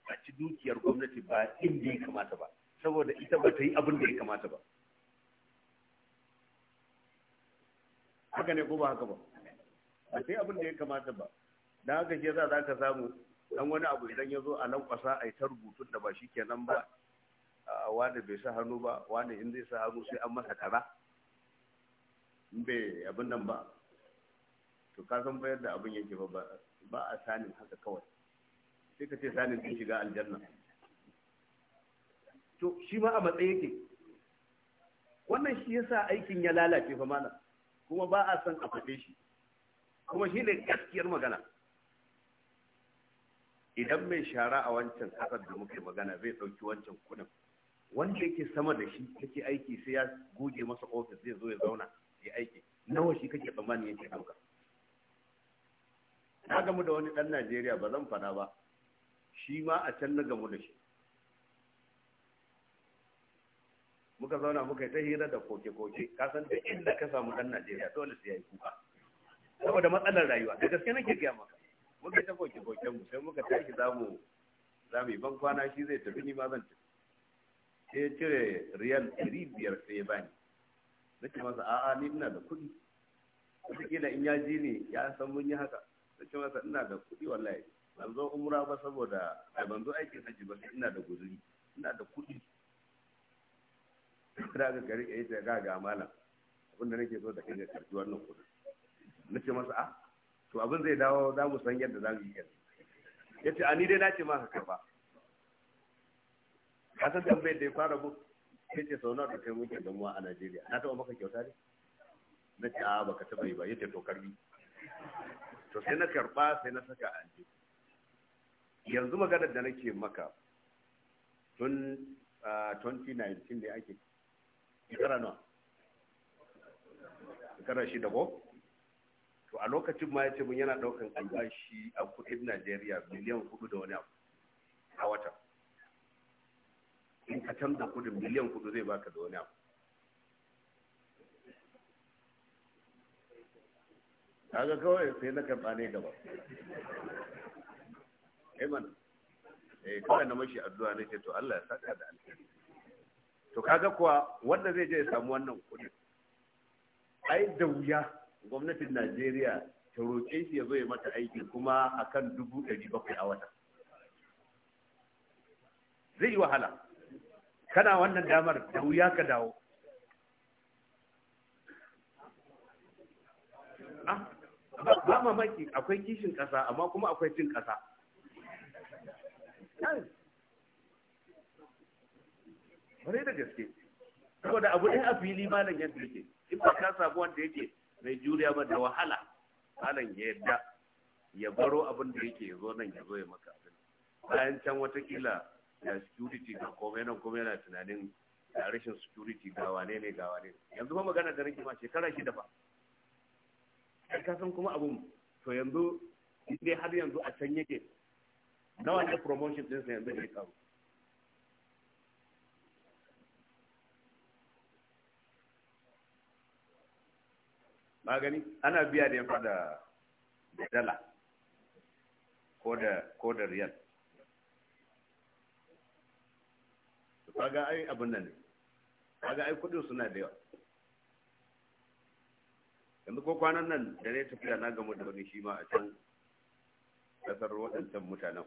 a ci dukiyar gwamnati ba inda ya kamata ba saboda ita ba ta yi abin da ya kamata ba haka ne ko ba haka ba ba ta yi abin da ya kamata ba da haka shi yasa za ka samu dan wani abu idan ya zo a lankwasa a yi ta rubutu da ba shi kenan ba wani bai sa hannu ba wani in zai sa hannu sai an masa kaza in bai abin nan ba to ka san bayar da abin yake ba ba a sanin haka kawai sai ka ce sanin sun shiga aljanna to shi ma a matsayi yake wannan shi yasa aikin ya lalace fa malam kuma ba a son a faɗe shi kuma shi ne gaskiyar magana idan mai shara a wancan kasar da muke magana zai ɗauki wancan kuɗin wanda yake sama da shi kake aiki sai ya goge masa ofis zai zo ya zauna ya aiki nawa shi kake tsammani yake ɗauka na gamu da wani dan najeriya ba zan fada ba shi ma a can na gamu da shi muka zauna muka yi ta hira da koke-koke ka san da inda ka samu dan Najeriya dole sai yi kuka saboda matsalar rayuwa da gaske nake gaya maka muka ta koke koke mu sai muka tashi zamu zamu yi ban kwana shi zai tafi ni ma zan tafi sai ya cire riyal ɗari biyar sai ya bani nake masa a'a ni ina da kuɗi wataƙila in ya ji ni ya san mun yi haka nake masa ina da kuɗi wallahi ban zo umra ba saboda ban zo aikin hajji ba ina da guzuri ina da kuɗi da aka kari ya ta ga ga mala abinda nake so da kai karfi wannan kudin na ce masa a ah, to abin zai dawo za mu san yadda za mu yi yadda ya ce a ni dai na ce maka ba ka san tambayar da ya fara bu ya ce sau nawa da kai muke damuwa a najeriya na taɓa maka kyauta ne na ce a baka taɓa yi ba ya ce to karbi to sai na karba sai na saka a yanzu maganar da nake maka tun 2019 ah, ne ake shekara shi da ko to a lokacin ma ya ce mun yana daukan albashi a kudin najeriya miliyan hudu da wani abu a wata in ka canza kudin miliyan hudu zai baka da wani abu kaga kawai sai na karɓa ne gaba Eman, eh kawai na mashi addu'a ne ce to Allah ya saka da alheri to kaga kuwa wanda zai je ya samu wannan kuɗi ai da wuya gwamnatin najeriya ta roƙe shi ya zo ya mata aiki kuma akan dubu ɗari bakwai a wata zai yi wahala kana wannan damar da wuya ka dawo ah, ba mamaki akwai kishin ƙasa amma kuma akwai cin ƙasa kwarai da gaske saboda abu ɗaya a fili malam yadda yake in ba ka samu wanda yake mai juriya ba da wahala malam ya yadda ya baro abin da yake ya zo nan ya zo ya maka abin bayan can watakila ya security ga komai nan komai yana tunanin ya rashin security ga wane ne ga wane yanzu ba magana da nake ma shekara da ba kai ka san kuma abun to yanzu dai har yanzu a can yake nawa ne promotion din sa yanzu ne kawo ba gani ana biya da yafa da dala ko da ko da riyal to kaga ai abin nan ne kaga ai kudin suna da yawa yanzu ko kwanan nan da ne tafiya na gamu da wani shi ma a can kasar waɗancan mutanen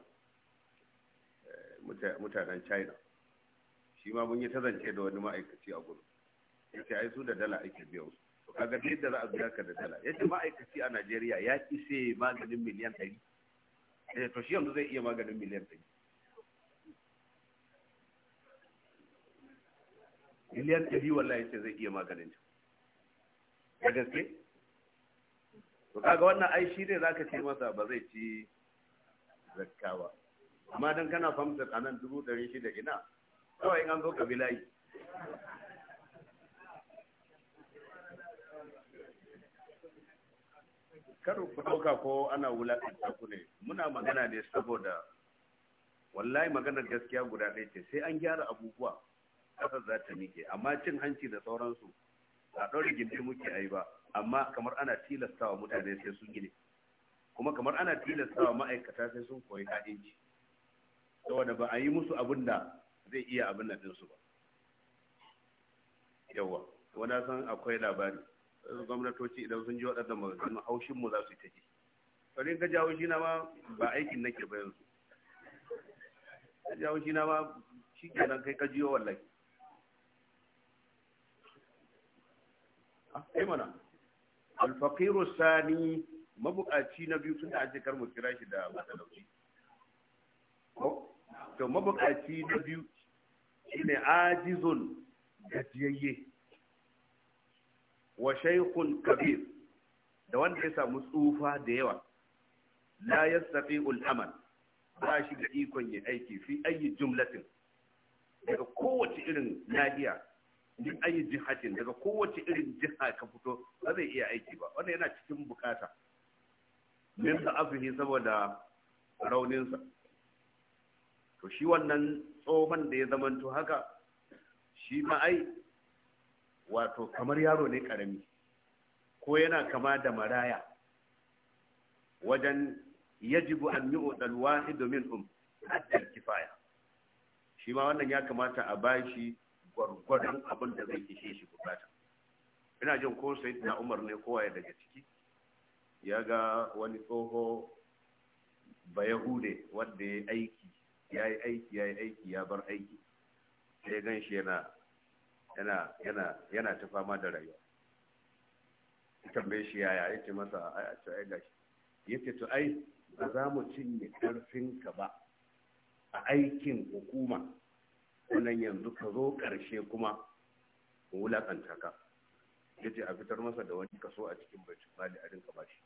eh, mutanen china shi ma mun yi ta zance da wani ma'aikaci a gudu ya ai su da dala ake biyan su to kaga ta yadda za a biya ka da dala yadda ma'aikaci a Najeriya ya ki sai maganin miliyan ɗari eh, to shi yanzu zai iya maganin miliyan ɗari miliyan ɗari wallahi ce zai iya maganin ta da gaske to kaga wannan ai shi ne zaka ce masa ba zai ci zakka amma dan kana famsa a nan dubu ɗari shida ina kawai in an zo kabila yi. karu ku ɗauka ko ana wulakanta ku ne muna magana ne saboda wallahi maganar gaskiya guda ɗaya ce sai an gyara abubuwa ƙasar za ta miƙe amma cin hanci da sauransu a ɗaure gindi muke a yi ba amma kamar ana tilastawa mutane sai sun gine kuma kamar ana tilastawa ma'aikata sai sun koyi ka'inci saboda ba a yi musu abin da zai iya abin da ɗinsu ba yawa wani san akwai labari gwamnatoci idan sun ji waɗannan maganganu haushin mu za su ta ji farin ka jawo shi na ma ba aikin ke bayan su ga jawo shi na ma shi nan kai ka wallai. a ah, ai mana Alfakiru sani mabukaci na biyu sun an ce mu kira shi da matalauci ko to mabukaci na biyu shine ajizun gajiyayye wa shaykhun kabir da wanda ya samu tsufa da yawa la yastaqi'ul amal ba shi da ikon ya aiki fi ayi jumlatin daga kowace irin nahiya min ayi jihatin daga kowace irin jiha ka fito ba zai iya aiki ba wannan yana cikin bukata min da'afihi saboda rauninsa to shi wannan tsohon da ya zamanto haka shi ma ai wato kamar yaro ne karami ko yana kama da maraya wajen yajibu an yi otal wahidu domin um kifaya shi ma wannan ya kamata a shi gwargwadon abin da zai kishe shi bukata ina jin ko sai na umar ne kowa ya daga ciki ya ga wani tsoho ba wanda ya aiki ya yi aiki ya yi aiki ya bar aiki sai gan shi yana yana yana yana ta fama da rayuwa tambaye shi yaya yace masa ai a cewa Ya yace to ai ba za mu cinye karfin ka ba a aikin hukuma wannan yanzu ka zo karshe kuma wulakanta ka yace a fitar masa da wani kaso a cikin bacci mali a rinka shi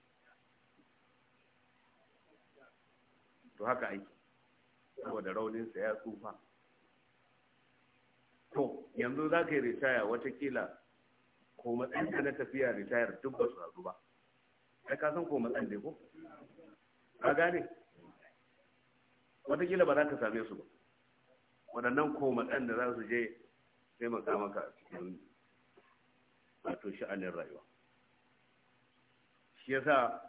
to haka aiki saboda rauninsa ya tsufa to yanzu za ka yi ritaya watakila ko matsayinka na tafiya ritayar duk ba su haɗu ba ai ka san ko matsayin dai ko ka gane watakila ba za ka same su ba waɗannan ko matsayin da za su je sai maka a cikin wato sha'anin rayuwa shi yasa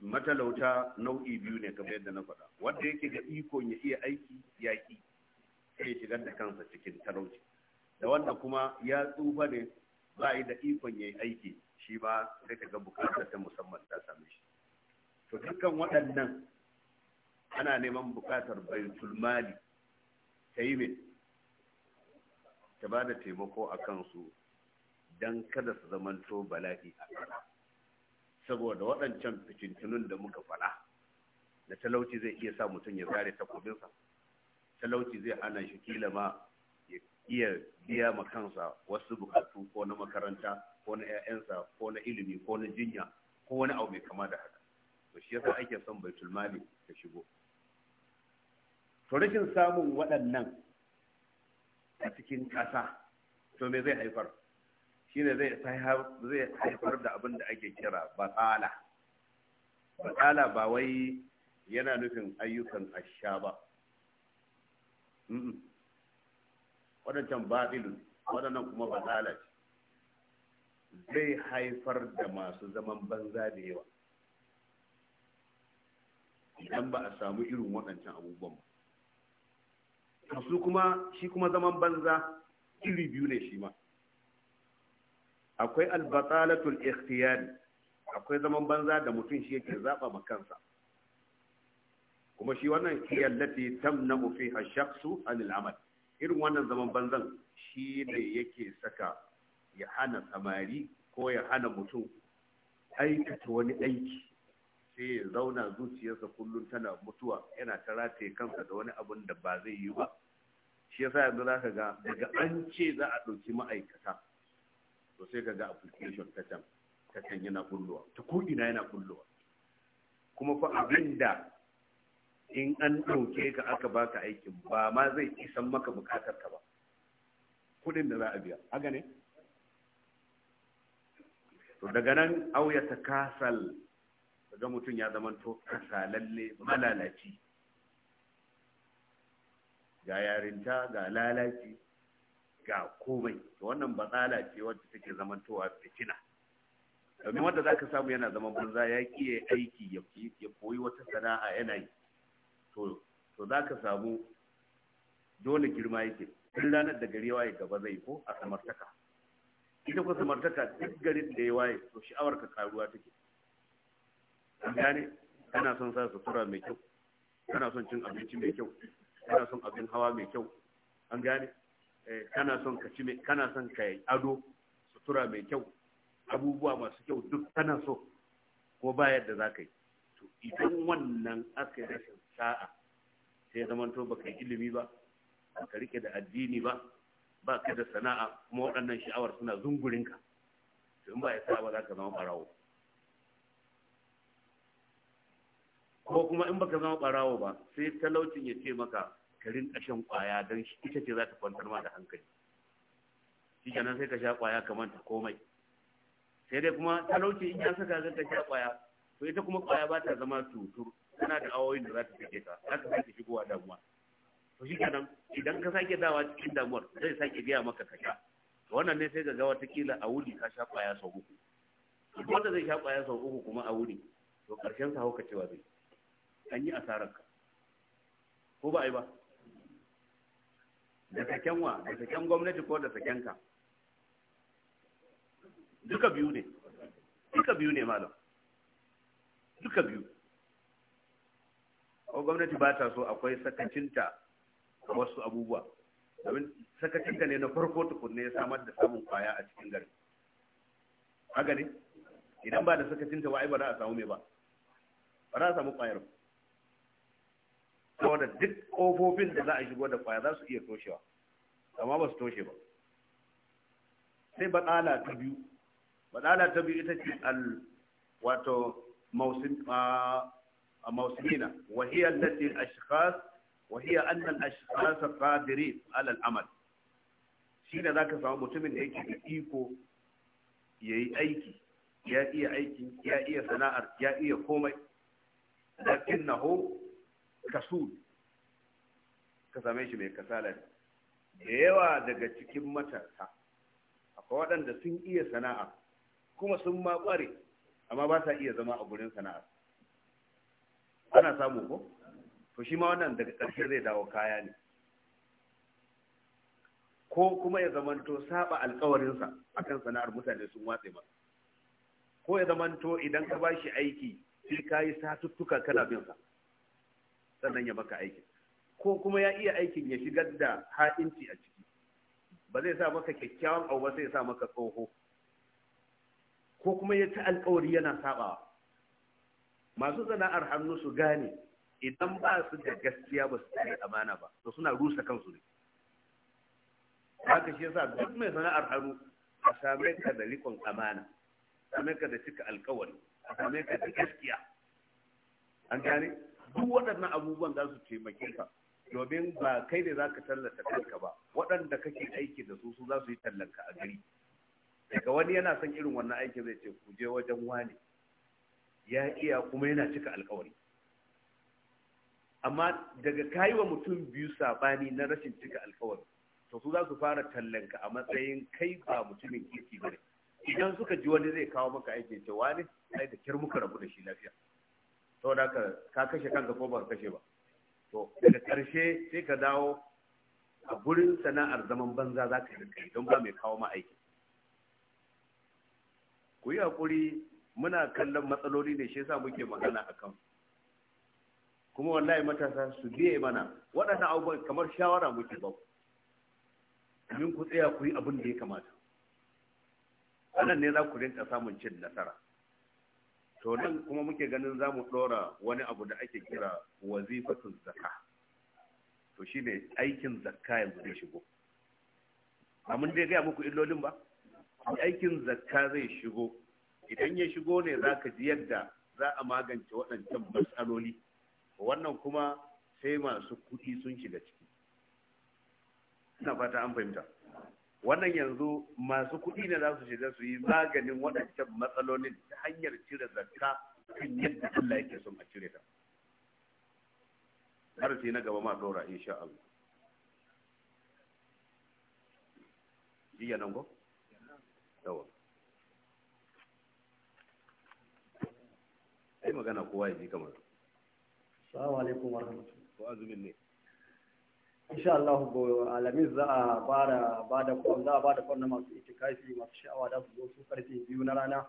matalauta nau'i biyu ne kamar yadda na faɗa wanda yake ga ikon ya iya aiki ya ki sai shigar da kansa cikin talauci da wanda kuma ya tsufa ne ba yi da ikon ya yi aiki shi ba sai ka ga bukatar ta musamman ta same shi to dukkan waɗannan ana neman bukatar baitul mali ta yi mai ta ba da taimako a kansu don kada su zamanto bala'i a kana saboda waɗancan fitintunun da muka faɗa na talauci zai iya sa mutum ya zare takobinsa talauci zai hana shi kila ma ya iya biya ma kansa wasu bukatu ko na makaranta ko na 'ya'yansa ko na ilimi ko na jinya ko wani abu mai kama da haka to shi yasa ake son baitul mali ta shigo to rashin samun waɗannan a cikin ƙasa to me zai haifar shine zai zai haifar da abin da ake kira batsala batsala ba wai yana nufin ayyukan asha ba waɗancan babilun waɗannan kuma batsala ce zai haifar da masu zaman banza da yawa idan ba a samu irin waɗancan abubuwan ba su kuma shi kuma zaman banza iri biyu ne shi ma akwai albatsalatul ikhtiyari akwai zaman banza da mutum shi yake zaɓa ma kansa kuma shi wannan kiyallati tamna'u fiha ash-shakhsu anil amal irin wannan zaman banzan shi ne yake saka ya hana samari ko ya hana mutum aikata wani aiki sai ya zauna zuciyarsa kullum tana mutuwa yana ta rataye kansa da wani abin da ba zai yi ba shi yasa yanzu za ka ga daga an ce za a ɗauki ma'aikata to sai ka ga application ta can ta can yana kullowa ta ko'ina yana kullowa kuma fa abin da in an ɗauke ka aka baka aikin ba ma zai isan maka bukatar ka ba kudin da za a biya haka ne to daga nan auya ta kasal daga mutum ya to kasalalle malalaci ga yarinta ga lalaci ga komai to wannan batsala ce wacce take zamantowa fitina domin wanda za ka samu yana zaman banza ya kiye aiki ya koyi wata sana'a yana yi to za ka samu dole girma yake duk ranar da gari waye gaba zai ko a samartaka ita ko samartaka duk garin da ya waye to sha'awar ka karuwa take an gane kana son sa sutura mai kyau kana son cin abinci mai kyau kana son abin hawa mai kyau an gane eh, kana son ka ci kana son ka yi ado sutura mai kyau abubuwa masu kyau duk kana so ko ba yadda za ka yi to idan wannan aka yi rashin sa'a sai zamanto baka yi ilimi ba baka rike da addini ba ba ka da sana'a kuma waɗannan sha'awar suna zungurinka to in ba ya sa ba za ka zama ɓarawo ko kuma in baka zama ɓarawo ba sai talaucin ya ce maka ka rinka shan ƙwaya don ita ce za ta kwantar ma da hankali shi kenan sai ka sha ƙwaya ka manta komai sai dai kuma talauci in ya saka ka sha ƙwaya to ita kuma ƙwaya ba ta zama tutur tana da awoyin da za ta sake ka za ka sake shigowa damuwa to shi kenan idan ka sake dawa cikin damuwar zai sake gaya maka ka sha to wannan ne sai ka ga watakila a wuri ka sha kwaya sau uku wanda zai sha kwaya sau uku kuma a wuri to karshen sa hauka cewa zai an yi asarar ka ko ba ai ba da saken wa da saken gwamnati ko da saken ka duka biyu ne duka biyu ne malam duka biyu ko gwamnati ba ta so akwai sakacinta wasu abubuwa domin sakacinta ne na farko tukunne ya samar da samun kwaya a cikin gari haka ne idan ba da sakacinta wa'ai ba za a samu mai ba ba za a samu kwayar da duk kofofin da za a shigo da kwaya za su iya toshewa amma ba su toshe ba sai batsala ta biyu batsala ta biyu ita ce al wato mausin ah, موسمين وهي التي الأشخاص وهي أن الأشخاص قادرين على العمل شين ذاك سوى متمن أيكي إيكو يأي أيكي يا إيه أيكي يا إيه سناء يا إيه كومي لكنه كسول كسامي من كسالة yawa daga cikin matasa akwai waɗanda sun iya sana'a kuma sun ma ƙware amma ba sa iya zama ana samu ko to shi ma wannan daga ƙarshe zai dawo kaya ne ko kuma ya zamanto saba alkawarinsa akan sana'ar mutane sun watse masa ko ya zamanto idan ka bashi aiki sai ka yi satuttuka kana bin sa sannan ya baka aiki? ko kuma ya iya aikin ya shigar da ha'inci a ciki ba zai sa maka kyakkyawan abu ba sai sa maka tsoho ko kuma ya ci alkawari yana sabawa masu sana'ar hannu su gane idan ba su da gaskiya ba su tare amana ba to suna rusa kansu ne haka shi yasa duk mai sana'ar hannu a same ka da rikon amana a same ka da cika alkawari a same ka da gaskiya an gane duk waɗannan abubuwan za su taimake ka domin ba kai ne za ka tallata kanka ba waɗanda kake aiki da su su za su yi tallanka a gari daga wani yana son irin wannan aikin zai ce ku je wajen wani. ya iya kuma yana cika alkawari amma daga kayi wa mutum biyu sabani na rashin cika alkawari to su za su fara tallanka a matsayin kai ba mutumin kirki bane idan suka ji wani zai kawo maka aiki ce wani sai da kyar muka rabu da shi lafiya saboda ka ka kashe kanka ko ba ka kashe ba to daga karshe sai ka dawo a gurin sana'ar zaman banza za ka yi don ba mai kawo ma aiki ku yi hakuri muna kallon matsaloli ne shi yasa muke magana a kan kuma wallahi matasa su biye mana waɗannan abubuwan kamar shawara muke ba domin ku tsaya ku yi abin da ya kamata anan ne za ku rinka samun cin nasara to nan kuma muke ganin za mu ɗora wani abu da ake kira wazifatun zakka to shine aikin zakka yanzu zai shigo amma dai gaya muku illolin ba aikin zakka zai shigo idan ya shigo ne za ka ji yadda za a magance waɗancan matsaloli wannan kuma sai masu kuɗi sun shiga ciki ina fata an fahimta wannan yanzu masu kuɗi ne za su shiga su yi maganin waɗancan matsalolin ta hanyar cire zakka kan yadda Allah yake son a cire ta har sai na gaba ma ɗora insha Allah jiya nan ko yawa magana kowa ya ji kamar su. assalamu alaikum warahmatullahi ko azumin ne insha Allah go alamin za a fara ba da za a ba da masu itikafi masu sha'awa da su zo su karfe biyu na rana